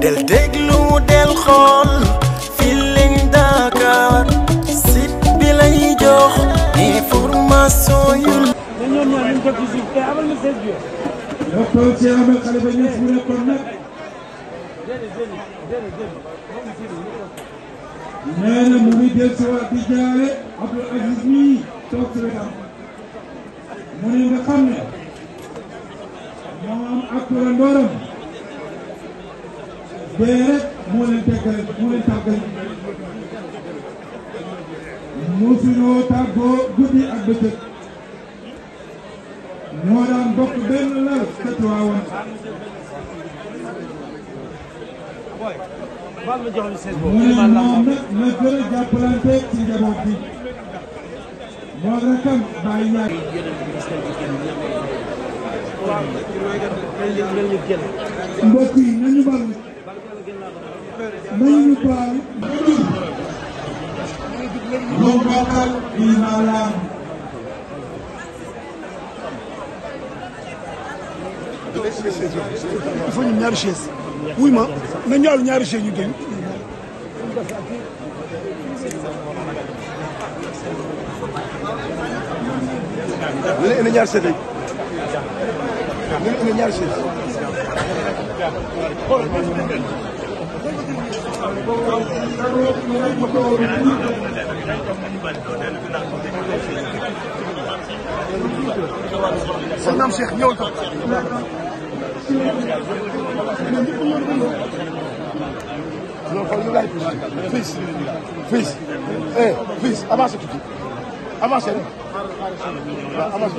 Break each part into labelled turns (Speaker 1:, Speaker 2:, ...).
Speaker 1: del déglu del xool Feeling Dakar site bi lay jox information yu. dañoo ñaan ñu jot ci suuf te amal na seen biir. donc ci amal xale ba ñëpp mu nekkoon nag. nee na mu ngi del si waat di jaale Abdou Aziz mii toog ci wetam mu ne nga xam ne moom ak turandoram tey rek moo leen tekkal moo leen tàggal musuñoo tàggoo guddi ak bëccëg ñoo daan bokk benn lal ca Tiwaawan mu ne moom nag na gën a jàppalante ci njaboot bi moo rakam bàyyi yaay
Speaker 2: mbokk yi nañu bal nañu baal
Speaker 1: ñu bokkal lislaam il faut ñu ñaari chaise wuy ma na ñaalu ñaari chaise ñu génn na ñaari chaise na ñaari chaise soxnaam Cheikh ñëwal ko. loolu xool ñu ngi lay fis fis eh, fis avancé tuuti avancé rek waaw avancé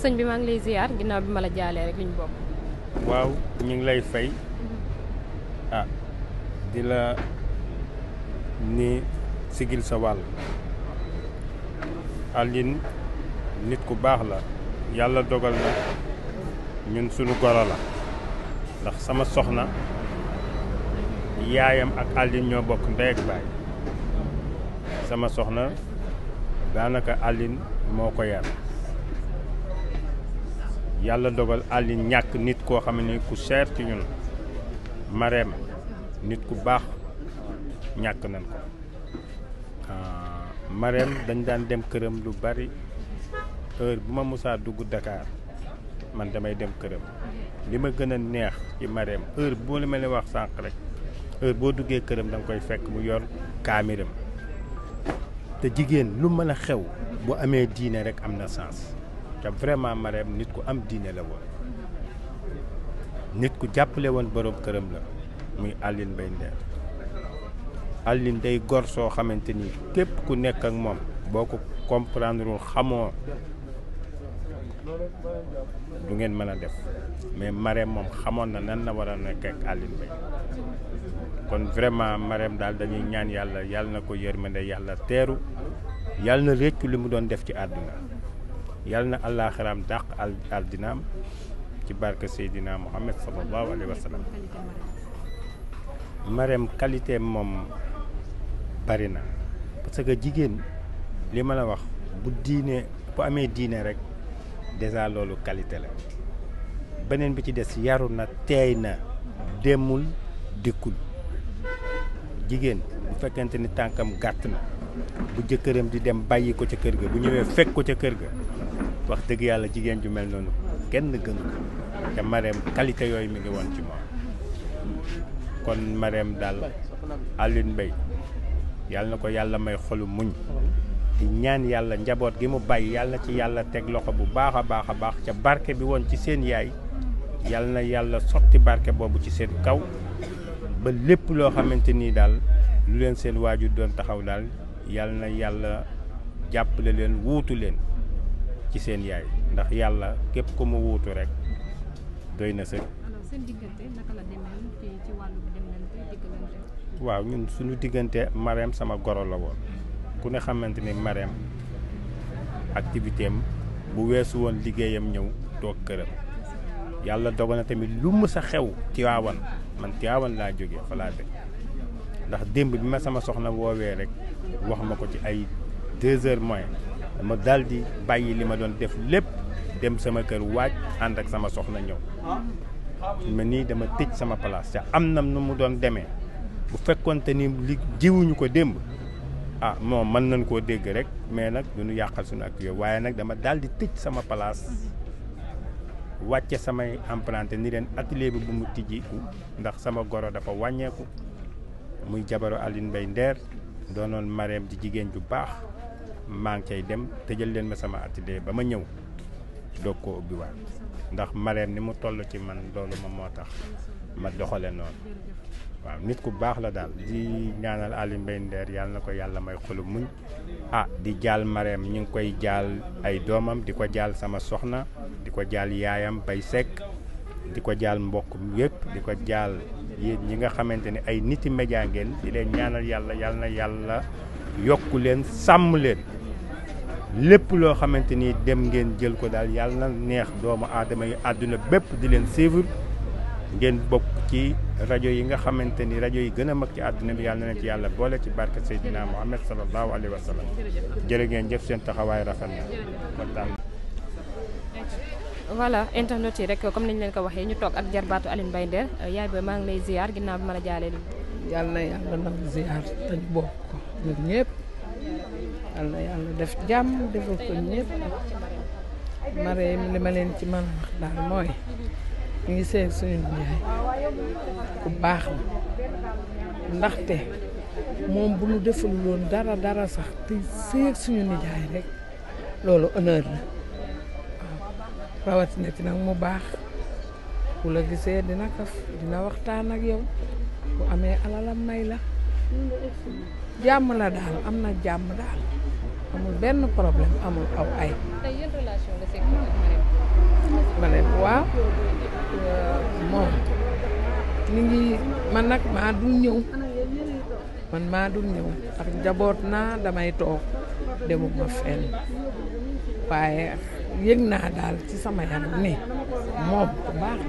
Speaker 3: sëñ bi maa ngi lay ziar ginnaaw bi ma la jaalee rek li ñu bokk. waaw ñu ngi lay fay. Mm-hmm. Ah, di la ni sigil sa wàll. Aline nit ku baax la yàlla dogal na ñun suñu goro la ndax sama soxna yaayam ak Aline ñoo bokk ndey ak baay sama soxna daanaka Aline moo ko yar. yàlla dogal àlli ñàkk nit koo xam ne ku cher ci ñun mareem nit ku baax ñàkk nañ ko ah, mareem dañ daan dem këram lu bari heure bu ma musaa dugg Dakar man damay dem këram li ma gën a neex ci mareem heure boo li ma leen wax sànq rek heure boo duggee këram da koy fekk bu yor kaamiram te jigéen lu mën a xew bu amee diine rek am na sens ca vraiment Marème nit ku am diine la woon nit ku jàppale woon borom këram la muy Aline Mbaye Nder Aline day gor soo xamante ni képp ku nekk ak moom boo ko comprendrewul xamoo
Speaker 1: du ngeen mën a def mais Marème moom xamoon na nan la war a nekk ak Aline Mbaye
Speaker 3: kon vraiment Marème daal dañuy ñaan yàlla yàlla na ko yërmande yàlla teeru yàlla na réccu li mu doon def ci àdduna yàlla na àllaaxiraam dàq al aldinaam ci barke Seydina Muhammad sallallahu alayhi wa sallam Marème qualité moom bari na parce que jigéen li ma la wax bu diine bu amee diine rek déjà loolu qualité la beneen bi ci des yaru na teey na demul dikkul jigéen bu fekkente ni tànkam gàtt na bu jëkkëram di dem bàyyi ko ca kër ga bu ñëwee fekk ko ca kër ga wax dëgg yàlla jigéen ju mel noonu genn gënu ko te Marème yooyu mi ngi woon ci moom kon Marème daal Alioune Mbaye yàlla na ko yàlla may xolu muñ di ñaan yàlla njaboot gi mu bàyyi yàlla ci yàlla teg loxo bu baax a baax a baax ca barke bi woon ci seen yaay yàlla na yàlla sotti barke boobu ci seen kaw ba lépp loo xamante nii daal lu leen seen waajur doon taxaw daal yàlla na yàlla jàppale leen wuutu leen ci seen yaay ndax yàlla képp ku mu wuutu rek doy na sëkk. waaw ñun suñu diggante Marème sama goro la woon ku ne xamante ni Marème activité am bu weesu woon liggéeyam ñëw toog këram yàlla dogal tamit lu mu sa xew Tiwaawan man Tiwaawan laa jógee fa ndax démb bi ma sama soxna woowee rek wax ma ko ci ay deux heures moins. ma daal di bàyyi li ma doon def lépp dem sama kër waaj ànd ak sama soxna ñëw ma nii dama tëj sama palaas ca am na nu mu doon demee bu fekkonte ni li jiwuñu ko démb ah moom mën nañ koo dégg rek mais nag du ñu yàqal suñu ak yooyu waaye nag dama daal di tëj sama palaas wàcce samay emprunté ni leen atelier bi bu mu tijjiku ndax sama goro dafa wàññeeku muy jabaru Aline Mbaye Nder doonoon mareem di jigéen ju baax maa ngi cay dem tëjal leen ma sama atelier ba ma ñëw doog koo ubbiwaat ndax mareem ni mu toll ci man loolu moom moo tax ma doxale noonu waaw nit ku baax la daal di ñaanal Aliou Mbaye Nder na ko yàlla may xolu muñ ah di jaal mareem ñu ngi koy jaal ay doomam di ko jaal sama soxna di ko jaal yaayam bay sekk di ko jaal mbokk yépp di ko jaal yéen ñi nga xamante ne ay niti média ngeen di leen ñaanal yàlla yàlla na yàlla yokku leen sàmm leen lépp loo xamante ni dem ngeen jël ko daal yàlla na neex doomu aadama yi àdduna bépp di leen suivre ngeen bokk ci rajo yi nga xamante ni rajo yi gën a mag ci àdduna bi yàlla na leen ci yàlla boole ci barke Seydina Muhammad sallallahu alayhi wa sallam jërë ngeen jëf seen taxawaay rafet na voilà internet yi rek comme niñ leen ko waxee ñu toog ak jarbaatu Alioune Mbaye Nder yaay booy maa ngi lay ziar ginnaaw bi ma la jaalee. yàlla
Speaker 2: yàlla yàlla def jàmm defal ko ñëpp Marème li ma leen ci
Speaker 4: mën a wax daal mooy ñu ngi seeg suñu njaay ku baax la ndaxte moom bu ñu deful woon dara dara sax te seeg suñu nijaay rek loolu honneur la rawatina ci nag mu baax ku la gisee dina kaf dina waxtaan ak yow bu amee alalam may la
Speaker 2: jàmm la daal
Speaker 4: am na jàmm daal amul benn problème amul aw ay. ma ne moom ni ngi man nag maa dul ñëw man maa dul ñëw ndax njaboot naa damay toog demuma fenn waaye yëg naa daal ci sama yaram ne moom bu baax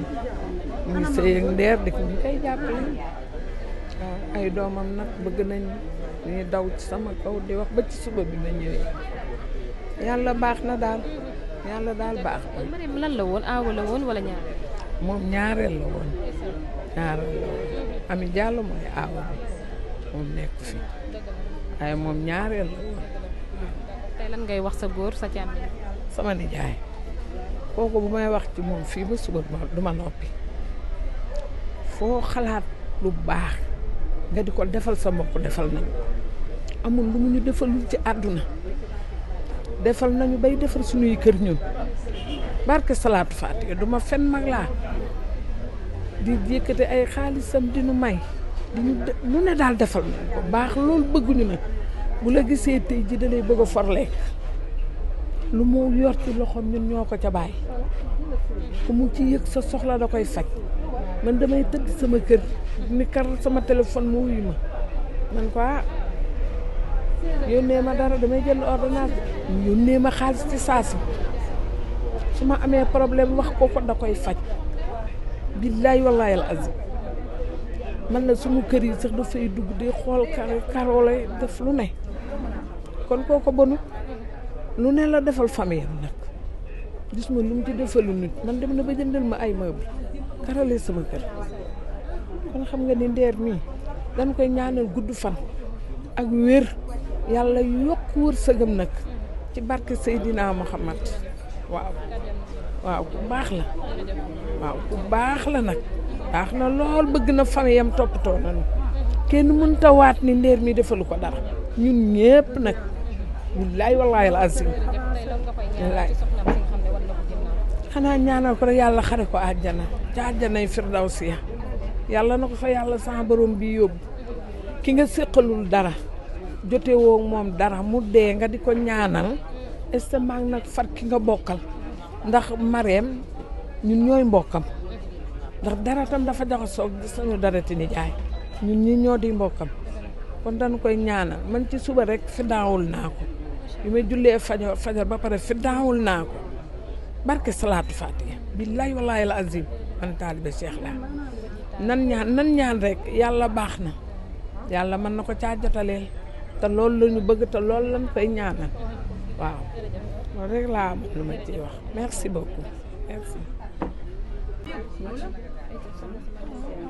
Speaker 2: mi ngi sëy ak ndeer di
Speaker 4: ko ñu koy jàppale waaw ay doomam nag bëgg nañ ñuy daw ci sama kaw di wax ba ci suba bi ma ñëwee yàlla baax na daal yàlla daal baax na. wala moom ñaareel la woon. ñaareel la woon Ami mooy aawa moom nekk fi waaye moom ñaareel la woon. lan ngay wax sa góor sa càmm. sama nijaay kooku bu may wax ci moom fii ba suba du ma noppi foo xalaat lu baax. nga di ko defal sa mbokk defal nañu amul lu mu ñu defalul ci àdduna defal nañu bay defar suñuy kër ñun barke salaatu faatiha duma fen mag laa di yëkkate ay xaalisam di may di ñu lu ne daal defal nañu ko baax loolu bëgguñu nag bu la gisee tey ji dalay bëgg a forlee lu mu yor ci loxoom ñun ñoo ko ca bàyyi ku mu ci yëg sa soxla da koy faj man damay tëdd sama kër ni kar sama téléphone mu wuyu ma man ko ah yónnee ma dara damay jënd ordonnance yónnee ma xaalis ci saasi su ma amee problème wax ko da koy faj billaay wallaay al azim man na suma kër yi sax dafay dugg di xool karoolay def lu ne kon kooko bonut lu ne la defal famille am nag gis ma lu mu ci defalu nit man dem na ba jëndal ma ay meuble karole sama kër kon xam nga ni ndeer mii dañ koy ñaanal gudd fan ak wér yàlla yokk wërsëgam nag ci barke Seydina Muhammad waaw waaw ku baax la waaw ku baax la nag baax na lool bëgg na famiyam toppatoo nañu kenn mën waat ni ndeer mi defalu ko dara ñun ñépp nag billaay wallaay la azim wallaay xanaa ñaanal ko rek yàlla xare ko àjjana ca àjjanay firdawsiya yàlla na ko fa yàlla sama borom bi yóbbu ki nga séqalul dara jote woo moom dara mu dee nga di ko ñaanal estamak nag far ki nga bokkal ndax mareem ñun ñooy mbokkam ndax dara tam dafa jaxasoo gis nañu dara te ni jaay ñun ñi ñoo di mbokkam kon dañu koy ñaanal man ci suba rek fi naa ko bi may jullee fajar fajar ba pare fi daawul naa ko barke salaatu fatiha billahi wallahi al azim man taalibe cheikh nan ñaan nan ñaan rek yàlla baax na yàlla mën na ko caa jotaleel te loolu lañu bëgg te lool lañ koy ñaanal waaw loolu rek laa am lu ma ciy wax merci beaucoup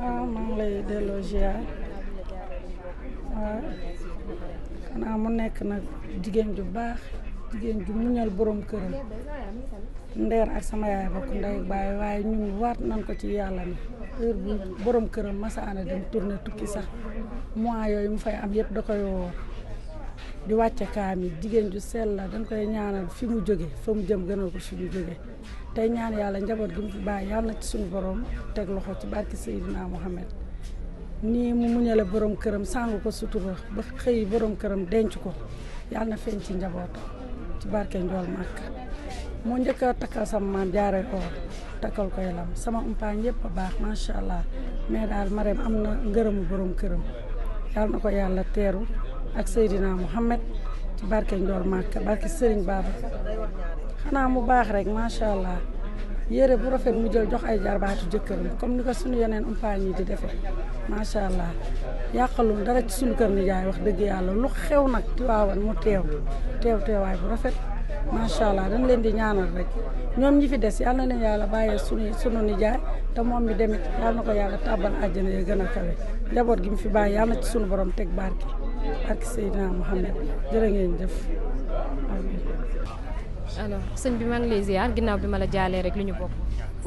Speaker 2: waaw ah, maa lay delloo ziar waaw ah, xanaa mu nekk nag jigéen ju baax. jigéen ju muñal boroom këram ndeer ak sama yaay bokk ndey baay waaye ñun waat nañ ko ci yàlla ni heure bu borom këram masaana dem tournée tukki sax mois yooyu mu fay am yëpp da koy woor di wàcce kaam jigéen ju sell la dañ koy ñaanal fi mu jóge fa mu jëm gënal ko fi mu jóge tey ñaan yàlla njaboot gi mu fi bàyyi yàlla na ci suñu borom teg loxo ci barki Seydina Mohamed nii mu muñale borom këram sàng ko sutura ba xëy boroom këram denc ko yàlla na feeñ njaboot ci barke njool màkk moo njëkk a takkal sama maam jaare oor takkal ko lam sama umpaañ yëpp baax macha allah mais daal Marème am na ngërëmu borom këram yàlla na ko yàlla teeru ak Seydina Mouhamed ci barke njool màkk barke Serigne Baba xanaa mu baax rek macha allah. yére bu rafet mu jël jox ay jarbaatu jëkkëram comme ni ko suñu yeneen umpaañ yi di defee macha allah yàqalul dara ci suñu kër nijaay wax dëgg yàlla lu xew nag Tiwaawan mu teew teew teewaay bu rafet macha allah dañ leen di ñaanal rek ñoom ñi fi des yàlla na leen yàlla bàyyee sunu sunu nijaay te moom mi demit yàlla na ko yàlla tàbbal àjjana ya gën a kawe njaboot gi mu fi bàyyi yàlla na ci sunu borom teg barki barki Seydina Muhammad jërë ngeen jëf
Speaker 3: alors sëñ bi maa ngi lay ziar ginnaaw bi ma la jaalee rek lu ñu bokk.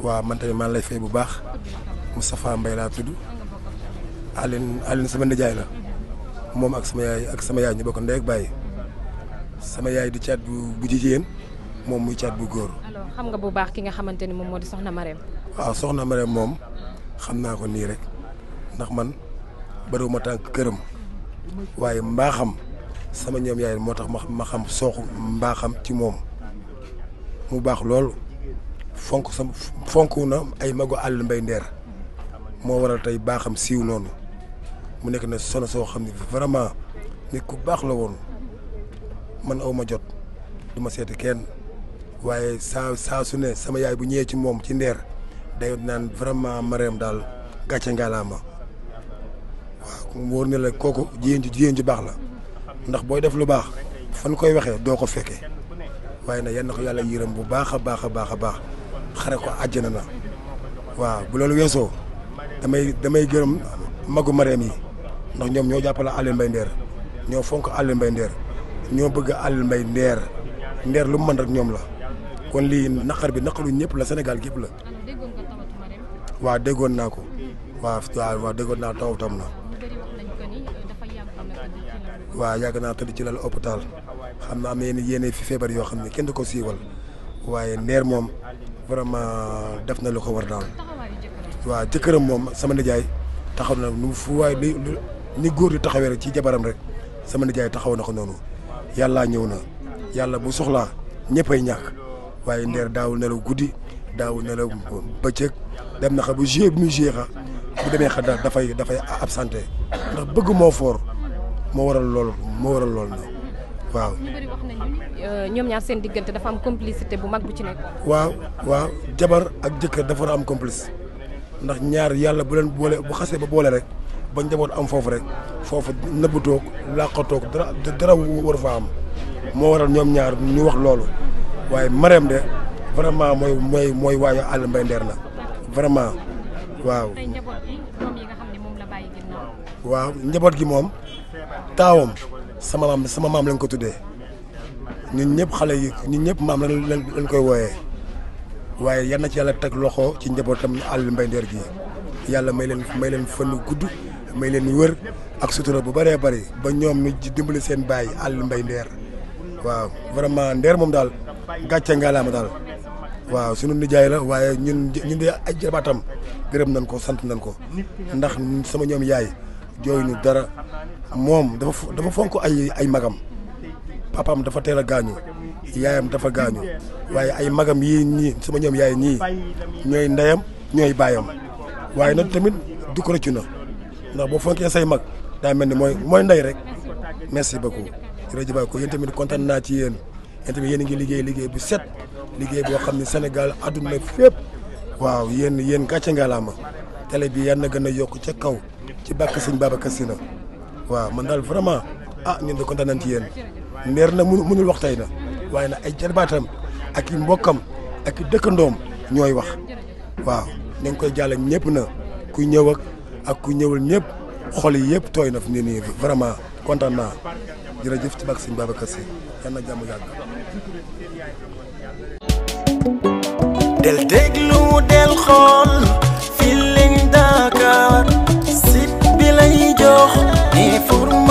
Speaker 1: waaw man tamit maa lay fay bu baax Moustapha Mbaye laa tudd Aline sama nijaay la moom ak sama yaay ak sama yaay ñu bokk ndey sama yaay di caat bu bu jigéen moom muy caat bu góor.
Speaker 3: xam nga bu baax ki nga xamante ni moom moo di Soxna
Speaker 1: Marème. waaw Soxna Marème moom xam naa ko nii rek ndax man bariwuma tànk këram waaye mbaaxam sama ñoom yaay moo tax ma xam ma xam sooxu mbaaxam ci moom. mu baax lool fonk sam fonk na ay mago àll mbay ndeer moo war a tey baaxam siiw noonu mu nekk na sono soo xam ne vraiment nit ku baax la woon man aw ma jot du ma seeti kenn waaye saa saa su ne sama yaay bu ñëwee ci moom ci ndeer day naan vraiment mariam daal gàcce ngaalaama waaw mu wóor ne la kooku jigéen ju jigéen ju baax la ndax booy def lu baax fan koy waxee doo ko fekkee bàyyi na yan na ko yàlla yërëm bu baax a baax a baax a baax xare ko àjjana na waaw bu loolu weesoo damay damay gërëm magu mareem yi ndax ñoom ñoo jàppale Aliou Mbaye Nder ñoo fonk Aliou Mbaye Nder ñoo bëgg Aliou Mbaye Nder Nder lu mu mën rek ñoom la kon lii naqar bi naqaru ñépp la senegal gépp la waa déggoon naa ko waaw waaw waaw déggoon naa taw tam na waaw yàgg naa tëdd ci lal hôpital am na am yenn fi feebar yoo xam ne kenn du ko siiwal waaye ndeer moom vraiment def na lu ko war daal waaw jëkkëram moom sama nijaay taxaw na nu fu góor di taxawee rek ci jabaram rek sama nijaay taxaw na ko noonu yàllaa ñëw na yàlla bu soxlaa ñëppay ñàkk waaye ndeer daawul nelaw guddi daawul nelaw bëccëg dem na xa bu joué bu mu joué xa bu demee xa dafay dafay absenté ndax bëgg moo foor moo waral lool moo waral lool na waaw ñu bëri
Speaker 3: wax nañu euh, ñoom ñaar seen diggante dafa am complicité bu mag bu ci nekk.
Speaker 1: waaw waaw jabar ak jëkkër dafa war am complice ndax ñaar yàlla bu leen boole bu xasee ba boole rek ba njaboot am foofu rek foofu nëbbatoo ko làqatoo ko dara dara war fa am moo waral ñoom ñaar ñu wax loolu waaye Marème de vraiment mooy mooy mooy waayu àll mbay ndeer na vraiment waaw. waaw njaboot gi moom taawam. sama maam sama maam lañ ko tuddee ñun ñëpp xale yi ñun ñëpp maam lañ lañ koy wooyee waaye yan na ci yàlla teg loxo ci njabootam Aliou Mbaye Nder gi yàlla may leen may leen fënn gudd may leen wër ak sutura bu bëree bëri ba ñoom ñu dimbali seen baay Aliou Mbaye Nder waaw vraiment Nder moom daal gàcce ma daal waaw sunu nijaay la waaye ñun ñun de ay jarbaatam gërëm nañ ko sant nañ ko ndax sama ñoom yaay. nu dara moom dafa dafa fonk ay ay magam papaam dafa teel a gaañu yaayam dafa gaañu waaye ay magam yii nii suma ñoom yaay ñii ñooy ndeyam ñooy baayam waaye nag tamit du ko rëccu na ndax boo fonkee say mag daa mel ni mooy mooy ndey rek merci beaucoup jërëjëf ko yéen tamit kontaan naa ci yéen yéen tamit yéen ngi liggéey liggéey bu set liggéey boo xam ne senegal àdduna fépp waaw yéen yéen gàcce ngalaama télé bi yan na gën a yokk ca kaw ci bàkk sëñ Babacar Sy la waaw man daal vraiment ah ñun de kontaan nañ ci yéen meer na mënu mënul wax tey na waaye nag ay jarbaatam ak i mbokkam ak i dëkkandoom ñooy wax waaw ñu ngi koy jàll ñépp na ku ñëw ak ak ku ñëwul ñëpp xol yi yëpp tooy na fi ne nii vraiment kontaan naa jërëjëf ci bàkk sëñ Babacar Sy yan na jàmm yàgg del déglu del xool